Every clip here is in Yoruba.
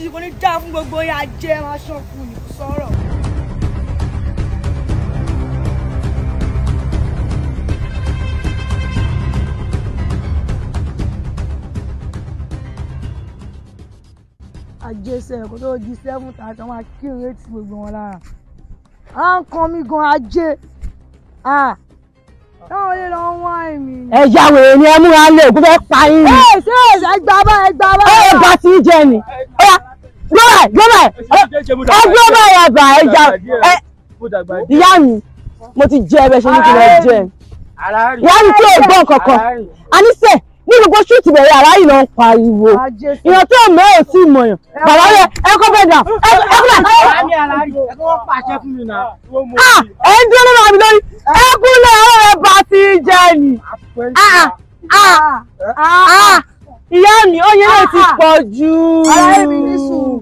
sí kò ní dá fún gbogbo yà jẹ́ máa ṣọ́ọ̀kù ní sọ̀rọ̀. àjẹsẹ̀ kò tó di seven thousand wọn akéwé ti gbogbo wọn lára à ń kan mi gan ajé táwọn olè lọ wá èmi. ẹ ya wèrè ni ẹ múra lé òkú fẹ́ pa yín ni. ẹ ṣe é ẹgbàá bá ẹgbàá bá. ẹ bá ti jẹ ni. ó yà gbọ́bẹ̀ gbọ́bẹ̀ ẹ gbọ́bẹ̀ yàgbà ẹ jà ẹ ìyá mi mo ti jẹ ẹbẹ ṣe ní kí n lọ jẹ ìyá mi tí ò gbọ́ kankan àníṣe ní gbogbo ṣúùtì bẹ̀rẹ̀ ara yìí náà ń pariwo ìyàn tó mọ̀ ọ́ sí ìmọ̀yàn bàbá rẹ̀ ẹ kọ́ bẹ́ẹ̀ náà ẹ kọ́ bẹ́ẹ̀. Ah, ẹ ń dúró lọ́wọ́ mi lórí ẹ kúnlẹ̀ ọ̀rọ̀ rẹ̀ bá ti jẹ́ ni ah, ah, ìyá mi ó yẹ lè ti pọ̀ jù. ara ẹ̀mí ní sùn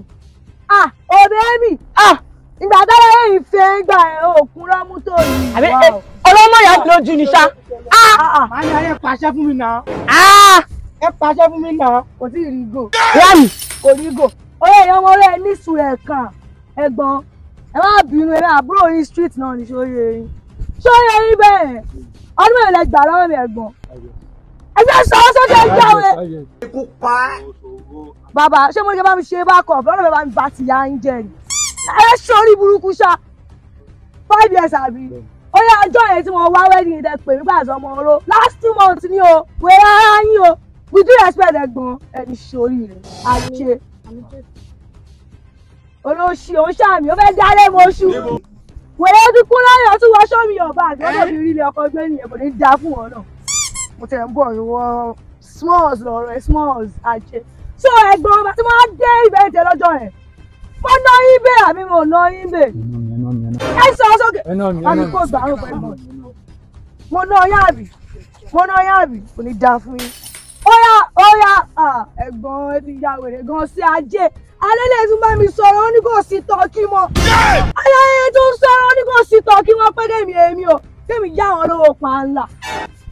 ah obemi ah ìgbà dára yẹn ìfẹ́ ìgbà òkun rọ́mú tó yìí. àbí eh, ọlọ́mọ yà lójú ni ṣá. Ah! Ah, ah. màá ní ayé pàṣẹ fún mi náà. ẹ pàṣẹ fún mi go. kò sí ìrìgò. wáyé kò ní mo oyè ni wọn rẹ níṣu ẹ̀kan ẹ̀gbọ́n ẹ má bínú ẹ̀rọ àbúrò yín street náà ní sóyè yín sóyè yín bẹ́ẹ̀ ọdún mẹ́rin lẹ gbà lọ́wọ́ mi ẹ̀gbọ́n ẹ jẹ́ sọ́wọ́sọ́kẹ́ ìjà rẹ̀. ikú pa bàbá ṣé mo ní kí bá mi ṣe bákọ̀ bọ́dọ̀ bẹ́ẹ̀ bá mi bá ti ya ń jẹ ni ẹ ṣorí burúkú ṣá five years àbí ó yẹ ọjọ́ yẹn tí mo wá wẹ́ẹ̀dì ìdẹ pè nígbà tó ọmọ oró last two months ni o wẹ́ rárá yín o with due respect ẹ̀gbọ́n ẹni ṣorí rẹ̀ àṣe olóṣì òṣàmì ó fẹ́ dáré mo ṣù wèrè ojú kún láyọ̀ tún wọ sọ́mi ọba àti ọjọ́ mi rí ilé ọkọ gbé nìyẹn kò ní dáa fún wọn náà mo tẹ̀ ń bọ̀ ìwọ smalls lọ́rọ̀ ẹ smalls àjẹ so ẹ̀gbọ́n ọba tí wọ́n dé ibẹ̀ tẹ lọ́jọ́ yẹn mo ná yín bẹ́ẹ̀ àbí mo ná yín bẹ́ẹ̀ ẹ sọ sókè àbí kò gbàrún pẹ̀lú mo ná yín àbí mo ná yín àbí kò ní dáa fún yín óyá óyá ẹ̀gbọ́n ti ya wèrè gan sí ajé alẹ́lẹ̀ tún bá mi sọ̀rọ̀ ó ní kò sí tọ́kí mọ́ ayẹyẹ tó ń sọ̀rọ̀ ó ní kò sí tọ́kí mọ́ pé kémi èmi o kémi yá àwọn olówó pa ńlá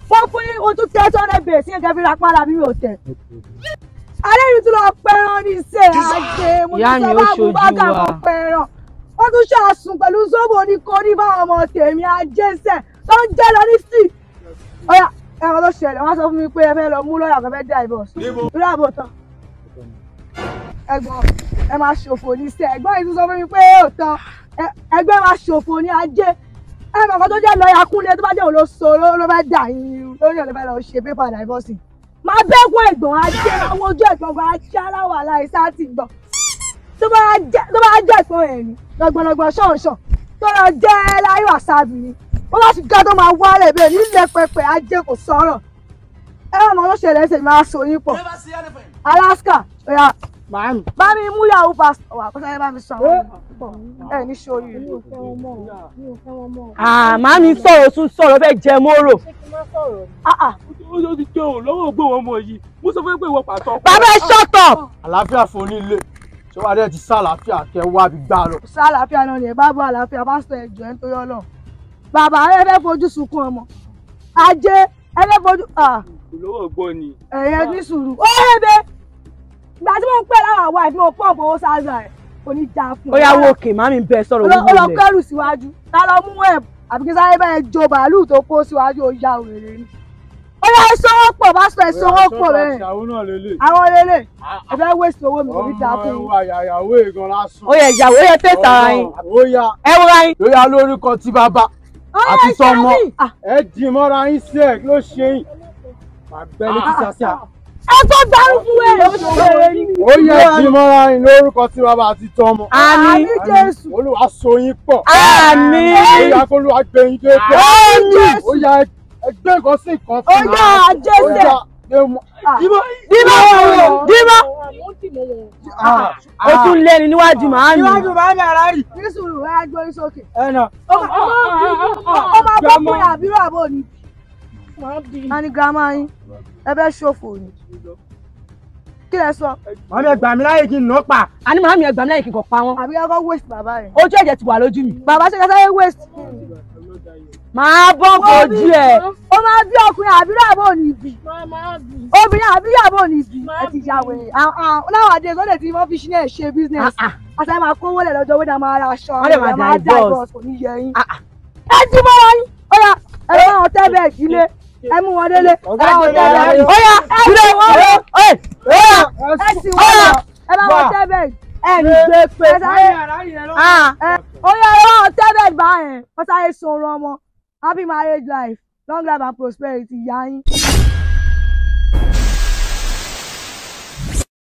fọ́ pé o tún tẹ́ tọ́lẹ̀ bẹ̀rẹ̀ sí ẹ̀kẹ́ fi ra pàrà mi ò tẹ̀ alẹ́rìí tún lọ pẹran ní ìṣe àṣẹ mo ti sọ bá gùn bágà mọ́ pẹran ó tún ṣàṣùn pẹ̀lú sóbò oníkóní bá ọmọ tèmi ajẹ́sẹ̀ tó ń jẹ́ lọ ní sí ọ̀yà ẹ̀rọ ló ṣẹlẹ̀ wọ́n sọ fún mi pé ẹ fẹ́ lọ mú lọ́ọ̀yà kan fẹ́ dá ìbọn ìlú àbòtán ẹ̀gbọ́n ẹ máa ṣòfò ní sẹ ẹ̀gbọ́n yìí tún sọ fún mi pé ó tán ẹgbẹ́ máa ṣòfò ní ajé ẹ mọ̀ kan tó jẹ́ lọ́ọ̀yà kúnlẹ̀ tó bá jẹ́ òun ló sọ ló fẹ́ dà yín lórí ọ̀lẹ́fẹ́ lọ ṣe pépà dàbọ̀sì máa bẹ́gun ẹ̀gbọ́n ajé àwọn ojú ẹ̀gbọ́n bá ṣe aláwọ̀ aláìsá ti gbọ̀n tó bá jẹ́ ẹ̀gbọ́n ẹ̀rín lọ́gbọ̀nlọ́gbọ̀n ṣọ̀ọ̀ṣọ̀ tó lọ jẹ́ láyọ̀ àṣàbì ni wọ́n bá ti ga tó máa wá rẹ̀ bẹ́ẹ̀ nílẹ̀ pẹpẹ ajé kò sọ̀rọ̀ ẹ̀rọ ọmọ ló ṣẹlẹ̀ ṣe máa so yín pọ̀ Alaska ọ̀yà Màámi. Bá mi mú yàwó past wà kó sáré bá mi sọ àwọn ọmọ. Eh, ẹ ní ṣe orí. Mi ò fẹ́ wọn mọ́ o. Mi ò fẹ́ wọn mọ́ o. À màámi sọ̀rọ̀ tún sọ̀rọ̀ bẹ́ẹ̀ jẹ mọ́rò. Ṣé kí n má sọ̀rọ̀? Ah, ah. Ó ti jẹ́ òun lọ́wọ́ ògbó wọn mọ yìí. Mo sọ fún ẹ pé ìwọ pàtó. Bàbá ẹ shut up. Àlàáfíà fún onílé ṣé wàá dẹ́ ti sàlàáfíà kẹ wá bí gbà lọ. sàlàáfíà náà ni ẹ bá bọ àlàáfíà bá sọ ẹjọ ẹ nítorí Ọlọ́run bàbá ẹ fẹ́ fojú sunkún ọmọ ajé ìgbà tí mo ń pẹ́ láwọn àwa ìfimọ̀ pọ́ọ̀pù owó sáza ẹ̀ oní da fún un. ó yá wo òkè má mi bẹ sọ̀rọ̀ owó lẹ̀. ó lọ kẹ́rù síwájú ta ló mú ẹ̀ àbí kí sáré bẹ́ẹ̀ jo bàálù tó kó síwájú ó ya òrèrè ni. ó yá ìṣòwò pọ̀ bá sọ ìṣòwò pọ̀ bẹ́ẹ̀. àwọn lélẹ̀ ah, ah. ẹ fẹ́ wé ìṣòwò mi oní da fún un. ó yẹ ìyàwó yẹ tẹ̀sà ara yín. ẹ wúra yín. ó yá lórúkọ ti bàbá àti sọmọ ẹ dì mọ́ra yín sí ẹ̀ ló ṣe yín. màá bẹ́ẹ̀ ní ah, kí sàṣà ẹ tó dárúkú ẹ ó yẹ kí mọ́ra yín lórúkọ tí bàbá àti tọmọ àmín jésù olúwa so yín pọ̀ àmín ó yẹ kó olúwa gbé yín dé pọ̀ ó yẹ ẹgbẹ́ nǹkan sí nǹkan fún mi ó yẹ àjẹsẹ̀ dìbò dìbò o tún lé ní níwájú màá mi. níwájú màá mi ara rì. ní sùúrù ẹ á gbórí sókè. ọmọ akókò yà bírò àbò ni má ní girama yín ẹ fẹ́ ṣòfò ni kí lẹ sọ. màmí ẹgbàá mi láyè kí n nà pa. a ní màmí ẹgbàá mi láyè kí n kàn pa wọn. àbí kọ́kọ́ waste bàbá rẹ̀. ojú ẹ̀jẹ̀ ti wà lójú mi. bàbá ṣe kẹsàn-án waste. màá bọ́ kojú ẹ̀. ó máa bí ọkùnrin àbúrò àbò ní ibi. obìnrin àbúrò àbò ní ibi. ẹ ti ya wèrè. Ah, ah, láwọn àdé sọ́dẹ̀ tí wọ́n fi ṣí náà ṣe business. àti ah, àwọn akówó lẹ̀ lọ́jọ́ wẹ́n máa ra aṣọ. wọ́n lè máa dá ìbọ̀ọ̀sì. ẹ ti mọ́ wọn yín. ó yá ẹ ẹ mú wọn délé ọ̀gá ọ̀daràn rẹ ọ̀yà ìrẹ̀ wọ́n rẹ̀ ọ̀yà ẹ̀sìn wọn ẹ bá wọn tẹ́bẹ̀ ẹ̀rì pépé ọ̀yà ẹ ah, wọn tẹ́bẹ̀ báyẹn wọ́n sáré sun ọ̀rọ̀ ọmọ happy marriage life long life and prosperity yá yín.